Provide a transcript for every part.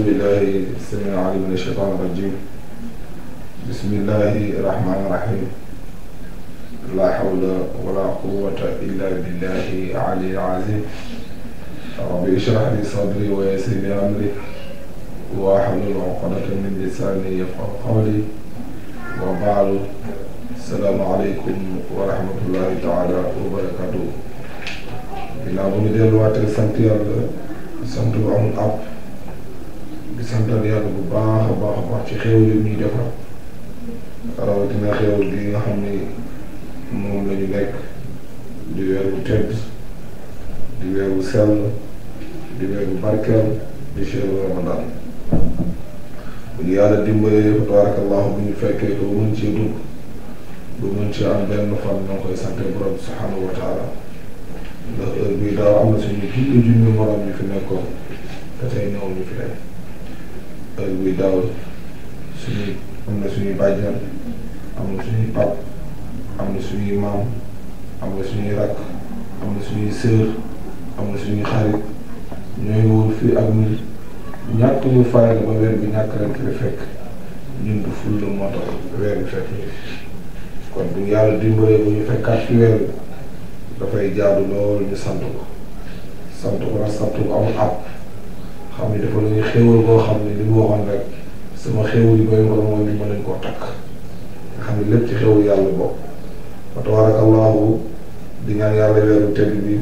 أعوذ بالله السميع العليم من الشيطان الرجيم بسم الله الرحمن الرحيم لا حول ولا قوة إلا بالله العلي العظيم رب اشرح لي صدري ويسر لي أمري واحلل عقدة من لساني يفقه قولي وبعد السلام عليكم ورحمة الله تعالى وبركاته. ginnaaw bu ñu delluwaatee sant yàlla sant bu amul àpp di santal bu baax a baax baax ci xéewal yi ñuy defar rawatina xéewal gi nga xam ni moom la ñu nekk di weeru tedd di weeru sell di weeru barkeel di cheru ramadan bu ñu yàlla dimbalee fa tabaarakallahu bu ñu fekkee ko mën cee dugg bu mën cee am benn fan ñoo koy sante borom subhanahu wa taala ndax heure bii daaw am na suñu kii juñu morom ñu fi nekkoon te tey ñëw ñu fi nekk heure buy daaw am na suñuy bàjjan am na suñuy pap am na suñuy maam am na suñuy rakk am na suñuy sœur am na suñuy xarit ñooy wóor fii ak ñun ñàkk ñu faral ba weer bi ñàkk leen fi fekk ñun du ful la moo tax weer bi fekk ñu kon bu yàlla dimbalee bu ñu fekkaat fi weer bi dafay jaadu lool ñu sant ko sant ko nag sant ko amul àpp xam ne dafa nañu xéewal boo xam ne li mu waxoon rek sama xéewal yi mooy mbooloo mooy ñu mën koo takk xam ne lépp ci xéewal yàlla bokk wa tabarakallahu di ñaan yàlla weeru tedd bi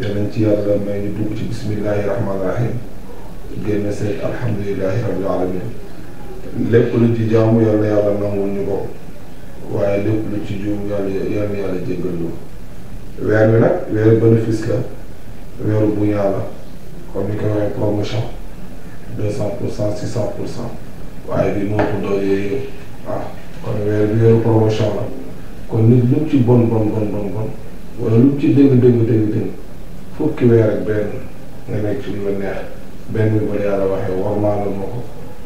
yal nañ ci yàlla may ñu dugg ci bismillahi rahmaani rahim génn seet alhamdulilahi rabbil alamin lépp lu ci jaamu yal na yàlla waaye lépp lu ci juum yàlla yal na yàlla jéggal ñu weer wi la weeru bu ñaa la comme ni ko waxee promotion deux cent pour cent six cent pour cent waaye bi moo ko doon yooyu waaw kon weer bi weeru promotion la kon nit lu ci bon bon bon bon bon wala lu ci dégg dégg dégg dégg fukki weer ak benn nga nekk ci lu la neex benn bi ba yàlla waxee warmaanal ma ko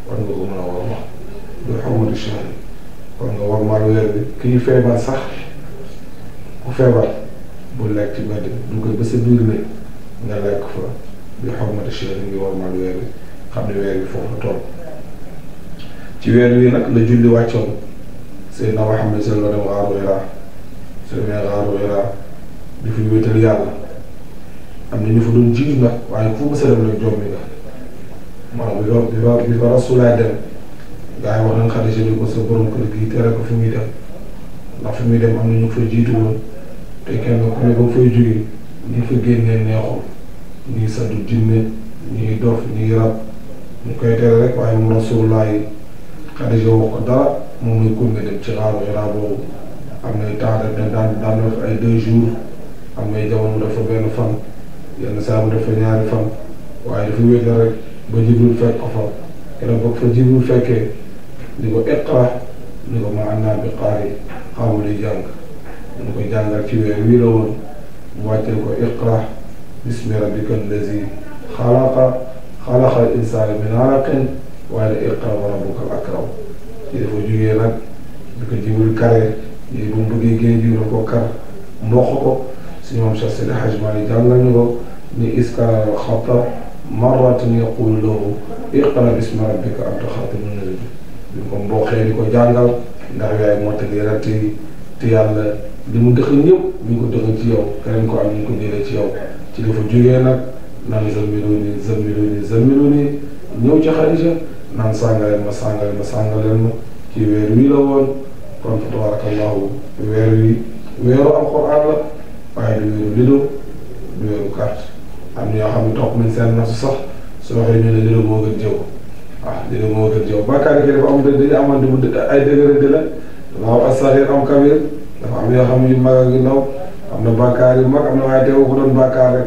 war nga ko mën a warma du xamatu chahri kon nga warmaal weer bi kii feebar sax ku feebar bu lekk ci mbedd duggal ba sa biir ne nga lekk fa bi xormati chère ñu ngi warmal weer wi xam ne weer foofu la ci weer wi nag la julli wàccoon Seydina Muhammad seen la dem xaaru Hira su xaaru Hira di fi wéetal yàlla am na ñu fa doon nag waaye fu mu sëram nag jombi nga bi ba bi ba bi dem gaa yi wax nañ Xadija ni ko sa borom kër ko fi dem ndax fi dem am na ñu fa jiitu woon te kenn ku ne ba fay jógee ñu fa génnee ñu ngi sant jinne dof ñu rab ñu koy tere rek waaye mu rasulullahi Xadija wax ko dara moom muy gunge dem ci xaaru Hira boobu am nay temps daan daan daan def ay deux jours am nay jamono mu dafa benn fan yenn saa mu dafa ñaari fan waaye dafa wéete rek ba Jibril fekk ko fa keroog ba fa Jibril fekkee di ko iqra ni ko ma annaa bi qaari xamu li jàng ñu ko jàngal ci weer wii la woon mu wàccee iqra bismi rabbika allazi xalaqa xalaqal insaana min alaqin waaye nag iqra wa rabbuka al akram ci dafa jugee nag di ko jiwul kare yooyu bu mu bëggee géej gi la ko kar mboq ko suñu moom Cheikh Seydi Hadj Malick jàll nañu ko ni iskara xata marratan yaqulu lahu iqra bismi rabbika anta xaatimun nabiy bi ko mboqee di ko jàngal ndax yaay moo tëggee rek te te yàlla li mu dëxal ñëpp ñu ngi ko dëxal ci yow keneen ko am ñu ngi ko jëlee ci yow. ci la fa jógee nag naan zammiluuni zammiluuni zammiluuni ñëw ci Xadija naan sàngaleen ma sàngaleen ma sàngaleen ma ci weer wi la woon kon fa tabarakallahu weer wi weeru alquran la waaye du weeru lido du weeru carte am na xam ne topp nañ seen nasu sax su waxee ñu ne moo gën jëw waaw lido moo gën jëw ah, bàkkaar yi dafa am dañuy amoon ay dëgërante la dafa am asaxir am kabir dafa am yoo xam ne yu mag am na ma yu mag am na waaye teewu ko doon bàkkaar rek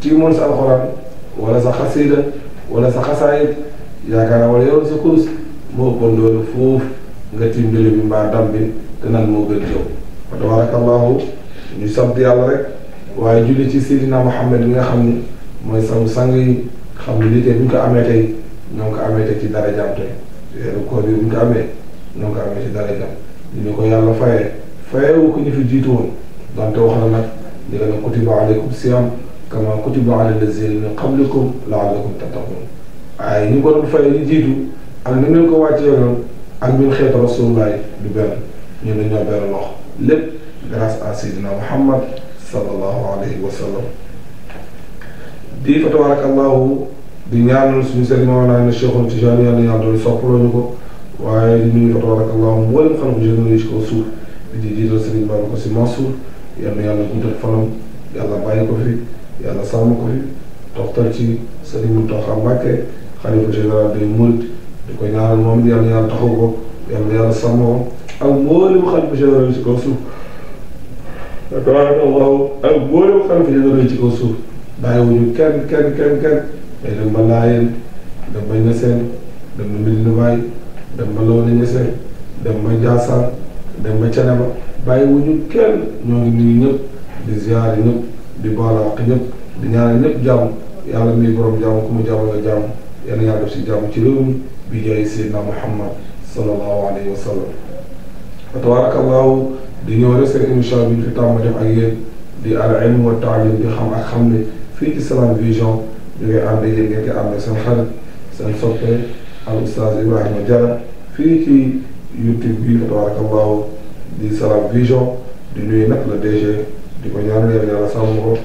tiimoon sa alxuraan wala sa xasida wala sa xasaayit yaakaar naa wala yow sa kurus moo ëppoon loolu foofu nga tiim bi mbaa bi te nan moo gën yow wa tabarakallahu ñu sant yàlla rek waaye julli ci Seydina Muhammad bi nga xam ni mooy sangu sang yi xam ni lii tey bu ñu ko amee tey ñoo ngi ko amee tey ci dara jàmm tey weeru koor bi bu ñu ko ko amee ci dara jàmm ñu ko yàlla fi jiitu woon donte wax na nag di la ne kutiba aleykum siyam kama kutiba ala lazina min qablikum laallakum tattaqun waaye ñu ko doon fay ñu jiitu ak ni ñu ko wàccee woon ak ñun xeetu rasulullah du benn ñun dañoo benn lox lépp grâce à Seydina Muhammad sallallahu alayhi wa sallam di fa tabarakallahu di ñaanal suñu sëriñ Mawlana Cheikh Tijani yàlla yàlla doon soppaloo ñu ko waaye di nuyu fa tabarakallahu mboolem xalaf généraux yi ko suuf di jiital sëriñ Babacar Sy yal na yàlla guddal fanam yàlla bàyyi ko fi yàlla sàmm ko fi toxtal ci sëriñ Mountakha Mbacké xalifa général des mourides di ko ñaanal moom yal na yàlla taxaw ko yal na yàlla sàmm ko ak mboolem xalifa général ci kaw suuf tabaraka allahu ak mboolem xalifa général ci kaw suuf bàyyiwuñu kenn kenn kenn kenn day dem ba Laayeen dem ba Ñaseen dem ba Medina Baay dem ba Lona Ñaseen dem ba Njaasaan dem ba Ceneba bàyyi wu ñu kenn ñoo ngi nuyu ñëpp di ziare ñëpp di baalaax ñëpp di ñaanal ñëpp jàmm yàlla muy borom jàmm ku mu jàmm nga jàmm yéen yàlla def si jàmm ci réew mi bi jaay Seydina Muhammad sallallahu alayhi wa sallam wa tabarakallahu di ñëw rek seen émission bi fi tàmm def ak di al ilm wa taalim di xam ak xam ne fii ci Salam Vision ñu ngi ànd yéen ngeen di seen xarit seen soppe al oustaz Ibrahima Diarra fii ci YouTube bi fa tabarakallahu di Salam Vision di nuyu nag le DG di ko ñaanal yàlla yàlla sàmm ko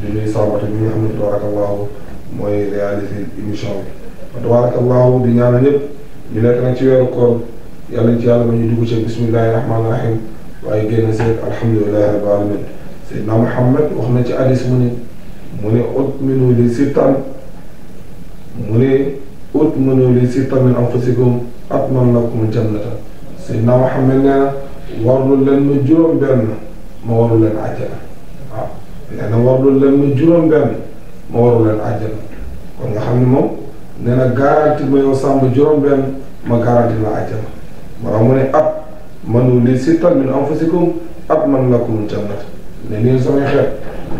di nuyu sàmmatu bi nga xam tabarakallahu mooy réaliser émission bi tabarakallahu di ñaanal ñëpp ñu nekk nag ci weeru koor yàlla ñu ci yàlla ba ñu dugg bismillahi rahmaani rahim waaye génn seet alhamdulillahi rabbil alamin Seydina Muhammad wax na ci hadis mu ne mu ne ut minu li sittan mu ne ut minu li sittan min anfusikum atman lakum jannata Seydina Muhammad nee warlu leen ma juróom benn ma waru leen àjjana waaw nee leen ma juróom benn ma waru leen kon nga xam ne moom nee na garanti ma yow sàmm juróom benn ma garanti la àjjana bara mu ne ab manu li sittan min anfusikum ab man la jannat ne nii samay xeet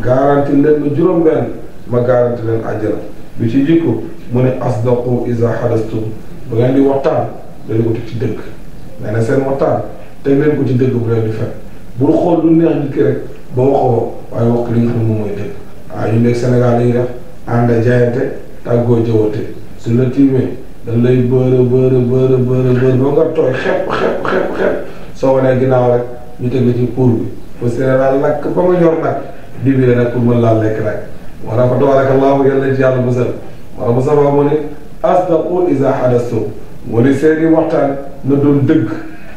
garanti leen ma juróom benn ma garanti leen àjjana bi ci jikko mu ne asdaqu iza hadastum ba ngeen di waxtaan dañu ko ci dëgg nee na seen waxtaan teg leen ko ci dëgg bu leen di fekk bul xool lu neex nit ki rek ba waxoo waaye wax li nga xam ne moom mooy dëgg waaw ñu nekk Sénégal dañuy def ànd jaayante tàggoo jëwate su la tiimee dañ lay bëre bëre bëre bëre bëre ba nga tooy xepp xepp xepp xepp soo wanee ginnaaw rek ñu teg la ci pour bi ba Sénégal lakk ba nga ñor nag dibile nag pour mën laa lekk nag wala fa tabarakallahu yàlla ci yàlla musal wala musal waa mu ne asdaqu isa hadastu mu ne seeni waxtaan na doon dëgg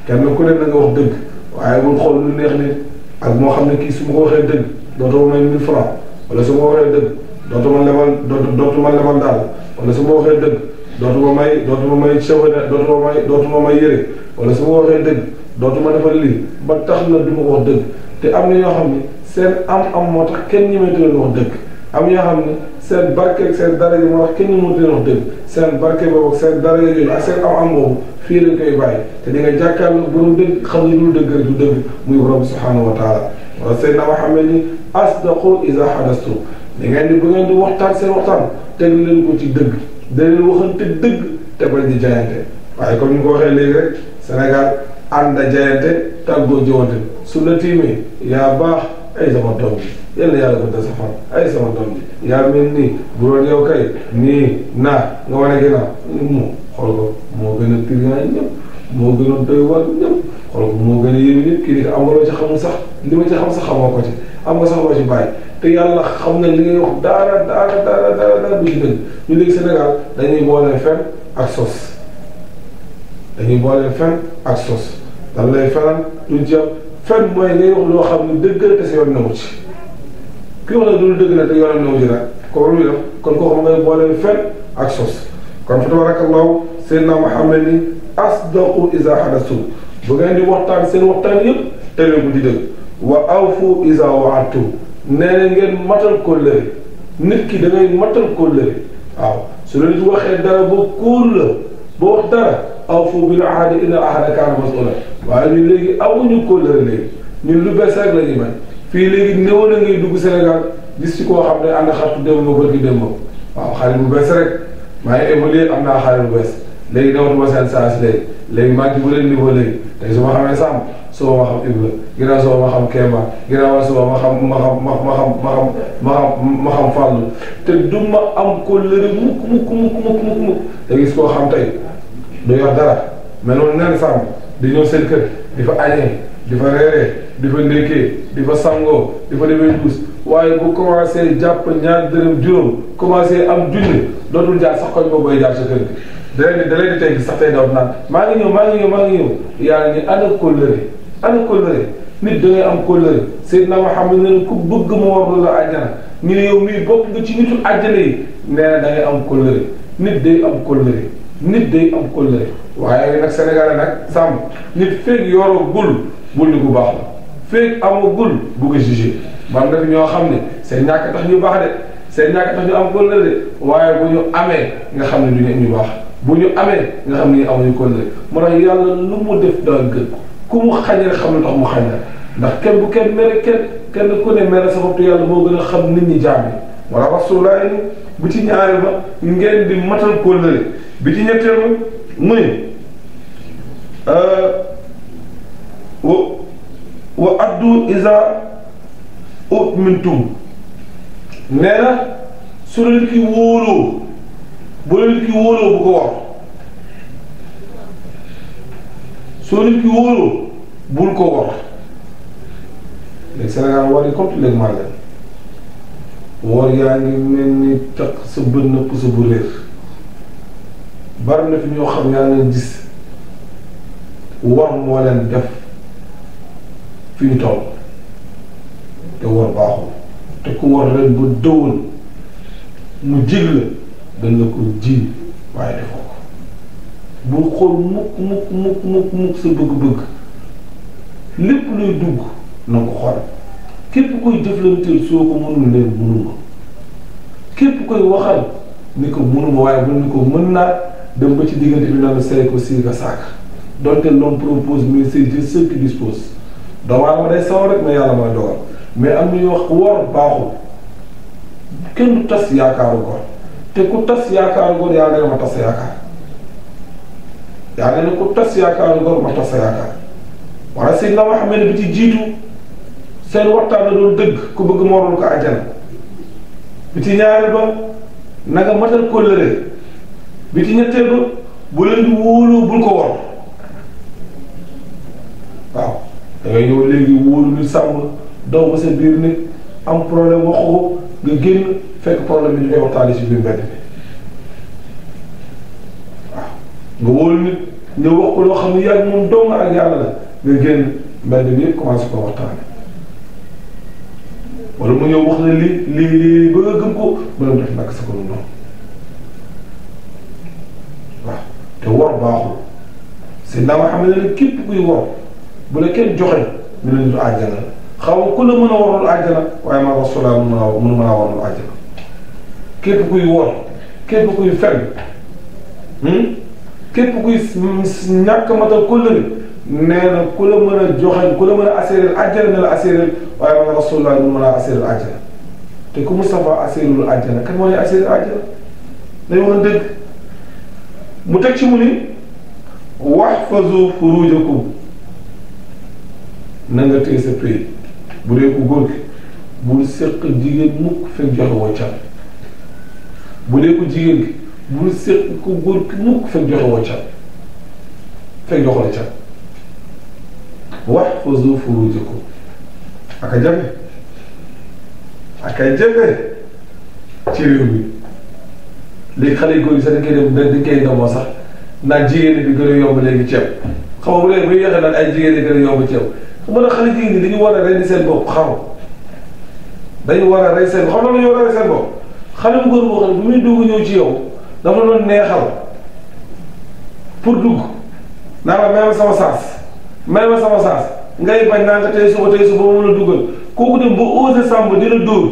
kenn ku ne na nga wax dëgg waaye bul xool lu neex nit ak moo xam ne kii su ma ko waxee dëgg dootuma may mille franc wala su ma waxee dëgg dootuma lebal dootuma lebal daal wala su ma waxee dëgg dootuma may dootuma may sewene dootuma may dootuma may yére wala su ma waxee dëgg dootuma defal lii ba tax na du ma wax dëgg te am na yoo xam ne seen am am moo tax kenn ñi may wax dëgg am ñoo xam ne seen barkeeg seen daraja moo tax kenn mënut leen wax dëgg seen barke boobu ak seen daraja yooyu ak seen am-am boobu fii lañ koy te di nga jàkkaarloo borom dëgg xam ne lu dëgg rek du dëgg muy borom subhanahu wa taala wala Seydina Muhammad ni asdaqu iza hadastu di ngeen di bu ngeen di waxtaan seen te teg leen ko ci dëgg da leen waxante dëgg te bañ di jaayante waaye comme ni ko waxee léegi rek Sénégal ànd a jaayante tàggoo jiwante su la tiimee yaa baax. ay sama doom bi yal na yàlla guddal sa ma ay sama doom bi yaa mel nii bu doon yow kay nii naa nga wane mu xool ko moo gën a triant ñëpp moo gën a doy waar ñëpp xool ko moo gën a yéeme ñëpp kii di am nga loo ci xamul sax li ma ci xam sax xamoo ko ci am nga sax loo ci bàyyi te yàlla xam na li ngay wax daara daara daara daara daara du ci dëgg ñu léegi Sénégal dañuy boole fen ak sos dañuy boole fen ak sos dañ lay fenal du jàpp fen mooy ngay wax loo xam ne dëgg la te sa yoon ci ki wax la dul dëgg la te yoonam na mu ci nag kooku kon koo xam boole fen ak sos kon fa tabarakallahu Muhammad ni asdaqu isa hadasu bu ngeen di seen waxtaan yëpp te leen di dëgg wa awfu isa waatu nee na ngeen matal kóllëre nit ki da ngay matal kóllëre waaw su la nit waxee dara ba kóor la awfu bil ahdi inna ahda kaana masuula waaye ñun léegi amuñu kóllëre léegi ñun lu bees rek la ñuy bañ fii léegi néew na ngay dugg Sénégal gis ci koo xam ne ànd xartu dem ba bërki dem ba waaw xale bu bees rek maa ngi évolué am naa xale bu bees léegi damatuma seen saas léegi léegi maa ngi ci bële niveau léegi tey su ma xamee sàmm soo ma xam Ibra ginnaaw soo ma xam Kéema ginnaaw soo ma xam ma xam ma xam ma xam ma xam ma xam Fàllu te ma am kóllëre mukk mukk mukk mukk mukk mukk te du yor dara mais noonu ñaari di ñëw seen kër di fa añee di fa reeree di fa ndékkee di sangoo di fa demee duus waaye bu commencé jàpp ñaar dërëm juróom commencé am junni dootul jaar koñ boobu bay jaar sa kër gi da leen da leen di tey gi sax tey daw maa ngi ñëw maa ngi ñëw maa ngi ñëw yàlla ni ana kóllëre ana kóllëre nit da am kóllëre Seydina Muhammad ne ku bëgg mu war la àjjana ñu ne yow mii bokk nga ci nitu àjjana yi nee na da am kóllëre nit day am kóllëre nit day am kóllëre waaye nag Sénégalais nag sàmm nit feeg yoroo gul bul ni ku baax la feeg amoo gul bu ko jugé man nag ñoo xam ne seen ñàkk tax ñu baax de seen ñàkk ñu am kóllëre de waaye bu ñu amee nga xam ne du ñu ñu baax bu ñu amee nga xam ne amuñu kóllëre mu tax yàlla lu mu def daa gën ku mu xañal xam ne tax mu xañal ndax kenn bu kenn mere kenn kenn ko ne mere sa bopp yàlla moo gën a xam ni ñi jaam yi wala rasulullah bu ci ñaari ba ngeen bi matal kóllëre bi ci ñetteelu mu euh, wa wa addu isa ut mintum nee na su la nit ki wóoloo bu la nit ko war soo nit ki wóoloo bul ko war léegi Sénégal war yi comme léegi maa woor yaa ngi mel ni takk sa bët nëpp sa bu réer bari na fi ñoo xam yaa leen gis war moo leen def fi ñu toll te war baaxul te ku war leen ba dëwoon mu jig la dañ ko ji waaye defoo ko bul xool mukk mukk mukk mukk mukk sa bëgg-bëgg lépp luy dugg na ko xool képp koy jëflanteel soo ko mënul leen mënuma képp koy waxal ni ko mënuma waaye bu ni ko mën naa dem ba ci diggante bi naan serré ko si nga saak donte l'homme propose mais c'est Dieu seul qui dispose doomu aadama day sawar rek mais yàlla mooy dogal mais am na ñuy wax kenn du tas yaakaaru góor te ku tas yaakaaru góor yaa ngay ma tas sa yaakaar yaa nga ne ku tas yaakaaru góor ma tas sa yaakaar waaye si na ma xam ne bi ci jiitu seen waxtaan na doon dëgg ku bëgg moo doon ko àjjana bi ci ñaareel ba na nga bi ci ñetteel ba bu leen bul ko wor waaw da ngay ñëw léegi wóolu nit sàmm daw ba sa biir ni am problème waxu ko nga génn fekk problème bi ñu koy waxtaanee si biir mbedd bi waaw nga wóolu nit nga wax ko loo xam ne yàgg dong ak yàlla la nga génn mbedd bi yëpp commencé ko waxtaanee wala mu ñëw wax ne lii lii lii ba nga gëm ko mën na def nag sa ko te wor baaxul Seydina Muhammad ne képp kuy wor bu la kenn joxe ñu ne du àjjana xaw ma ku la mën a warul àjjana waaye ma rasulaa mun naa mun naa warul àjjana képp kuy wor képp kuy fen hmm? képp kuy ñàkk matal ku la mën a joxe ku la mën a asséeréel àjjana ne la asséeréel waaye ma rasulaa mun mën a asséeréel àjjana te ku Mustafa asséerul àjjana kan moo lay asséeréel àjjana dañoo mën dëgg. mu teg ci mu ni waxfazu furujakum na nga tey sa pay bu dee ku góor gi bul séq jigéen mukk fekk joxe woo cal bu dee ku jigéen gi bul séq ku góor ki mukk fekk joxe woo cal fekk joxe la cal waxfazu furujakum aka jafe aka jafe ci réew mi léegi xale yu góor yi sax dañ koy dem dañ sax naan jigéen bi gën a yomb léegi ceeb xam nga bu dee bu yéexee naan ay jigéen ñi gën a yomb ceeb xam nga xale jigéen ñi dañu war a rey seen bopp xam dañu war a rey seen xam nga dañoo war a rey seen bopp xale bu góor boo xam ne bu ñëw ci yow dafa doon neexal pour dugg naa la may ma sama saas may ma sama saas ngay bañ naa nga tey suba tey suba ma mën a duggal kooku dem ba osé sàmm dina dóor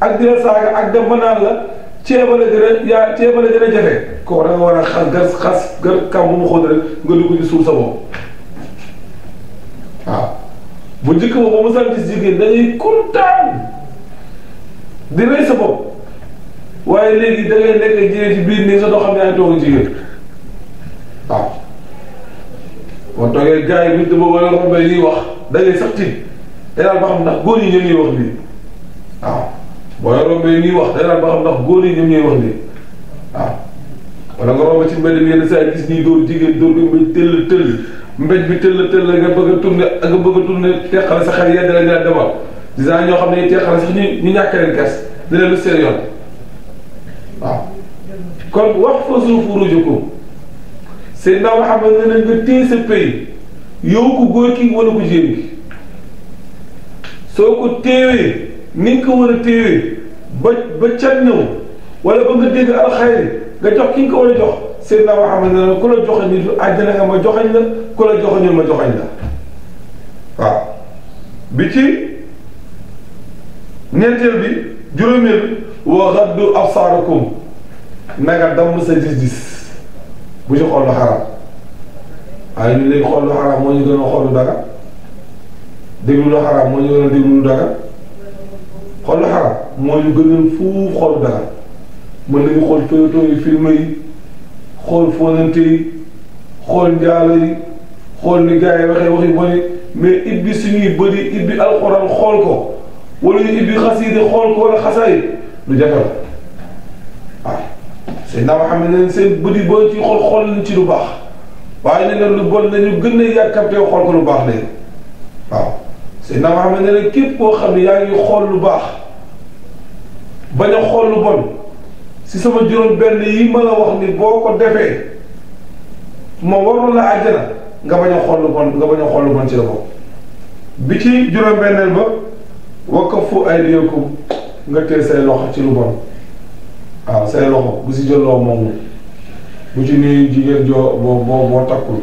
ak dina saaga ak dem naan la. ceeba la gën a yaa ceeba la gën a war a xas gas xas gër kaw mu xóot rek nga dugg ci sa bopp waaw bu njëkk ba mu sant ci jigéen dañuy kontaan di rey sa bopp waaye léegi da ngay nekk jigéen ci biir nii sa doo xam ne ay toogu jigéen waaw boo toogee gars yi bi dama war a wax da ngay sax tiit dañu xam ndax góor yi ñoo boo rombee ñuy wax danaan ba xam ndax góor yi ñoom ñooy wax nii waaw wala nga romb ci mbedd mi yenn saa gis ñuy dóor jigéen dóor bi mbéj tëll tëll tu bi tëll tëll nga bëgg a tourné nga bëgg a tourné teqale sa xel yedd la ñaan demal disant ñoo xam ne teqale sax ñu ñu ñàkk leen gas dina lu seen yoon waaw kon wax fa suuf rujukum seen naa xam ne nga téye sa wala ko jigéen ko téewee ni nga ko war a téye ba ba cat ñëw wala ba nga dégg alxayri jox ki nga ko war a jox Seydina Muhammad ne la ku la joxoon nitu àjjana nga ma joxañ la ku la joxoon ma joxañ la waaw bi ci ñeenteel bi juróomeel wa gaddu absaarakum na nga damm sa gis-gis bu ci xool lu xaraam waaye ñu léegi xool moo ñu gën a xool lu dara déglu moo ñu gën a déglu lu xool xaar moo ñu gënal fu xool dara mën nañu xool toyotoo yi film yi xool fonante yi xool njaalo yi xool ni gars yi waxee waxi bone mais ibbi suñuy bëri ibbi alxuraan xool ko wala ñu ibbi xasiide xool ko wala xasaay lu jafe la waaw seen naa xam ne seen bët yi boo ci xool xool nañ ci lu baax waaye ne lu bon nañu gën a yàkkamtee xool ko lu baax léegi waaw Seydina Muhammad ne nag képp koo xam ne yaa ngi xool lu baax bañ a xool lu bon si sama juróom benn yi ma la wax ni boo ko defee moom waroon la àjjana nga bañ a xool lu bon nga bañ a xool lu bon ci la bi ci juróom benneel ba wakkafu aydiyakum nga téye say loxo ci lu bon waaw say loxo bu si jëlloo moomu bu ci nuyu jigéen joo boo boo takkul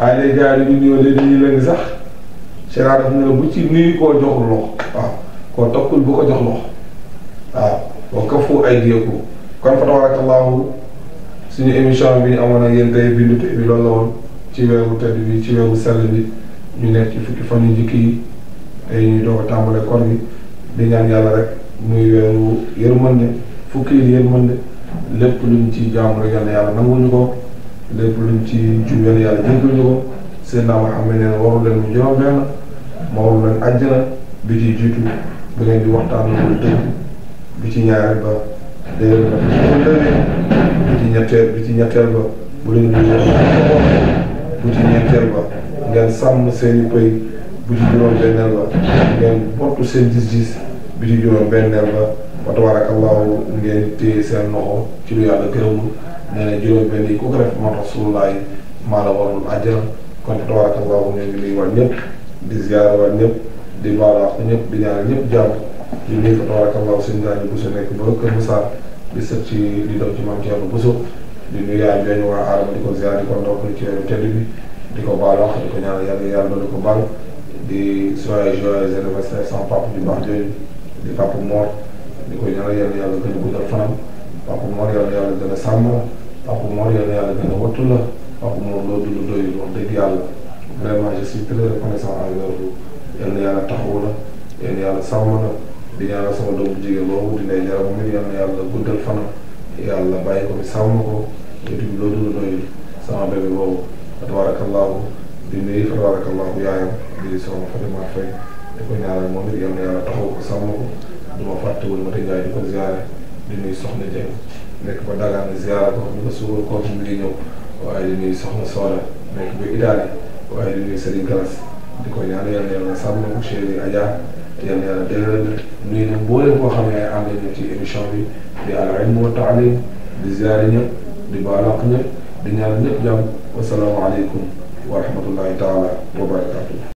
waaye day gars yi ñu nuyoo léegi ñu ngi sax. Sénégal daf ne la bu ci nuyu koo joxul loxo waaw koo toppul bu ko jox loxo waaw wa kafu aydiyakum kon fa tabarakallahu suñu émission bi ñu amoon ak yéen tey bindu tey bi loolu la woon ci weeru tedd bi ci weeru sell bi ñu nekk ci fukki fan yu njëkk yi tey ñu doog a tàmbale koor bi di ñaan yàlla rek muy weeru yërmande fukki yi yërmande lépp luñ ci jaamu rek yàlla yàlla nanguñu ko lépp luñ ci jub yàlla yàlla jéggal ñu ko. Seydina Muhammad nee na waru leen mu juróom ma woon leen àjjana bi ci jiitu da waxtaan lu dëgg bi ci ñaareel ba day doon bi ci ñetteel bi ci ñetteel ba bu leen di bu ci ñeenteel ba ngeen sàmm seen i pëy bu ci juróom-benneel ba ngeen bottu seen gis-gis bi ci juróom-benneel ba wa tabaarakallaahu ngeen téye seen loxo ci lu yàlla gërëmul nee na juróom-benn yi ku ko def moo tax suñu laay maa la warul àjjana kon fa tabaarakallaahu di ziar waat di baalu àq ñëpp di ñaanal ñëpp jàmm di nuyu tabarakallah suñu daañu Bousso nekk ba o Moussa di sët ci di doom ci maam Thierno Bousso di nuyu yaay bi ñu waa di ko ziar di ko ndokk ci weeru di ko baalu àq di ko ñaanal yàlla yàlla doon ko baal di soyez joyeux anniversaire sans papa bi baax jooju di papa Mor di ko ñaanal yàlla yàlla gën a guddal fanam papa Mor yàlla yàlla gën a papa Mor yàlla yàlla gën a la papa Mor loo dund doyul wax yàlla. vraiment je suis très reconnaissant envers vous yal na yàlla taxawu la yal na yàlla sàmm la di ñaanal sama doomu jigéen boobu di lay jaram mu yal na yàlla guddal fanam yàlla ko fi sàmm ko et puis loolu la doyul sama bébé boobu tabarakallahu di nuyu tabarakallahu yaayam di soxna Fatima Faye di ko ñaanal moom it yal na yàlla taxawu ko sàmm ko du ma fàttewul ma te jaay di ko ziare di nuyu soxna Dieng nekk ba dagaan ziara ko di ko suur kooku mu ngi ñëw waaye di nuyu soxna Soda nekk ba Italie. waaye di nuyu Serigne Gallas di ko ñaan yàlla yàlla sàmm ko Cheikh Adja yàlla yàlla delloo nuyu na mboolem koo xam ne am nañu ci émission bi di Al Hilm wa Taalim di ziare ñëpp di baalaq ñëpp di ñaan ñëpp jàmm wasalaamualeykum taala wa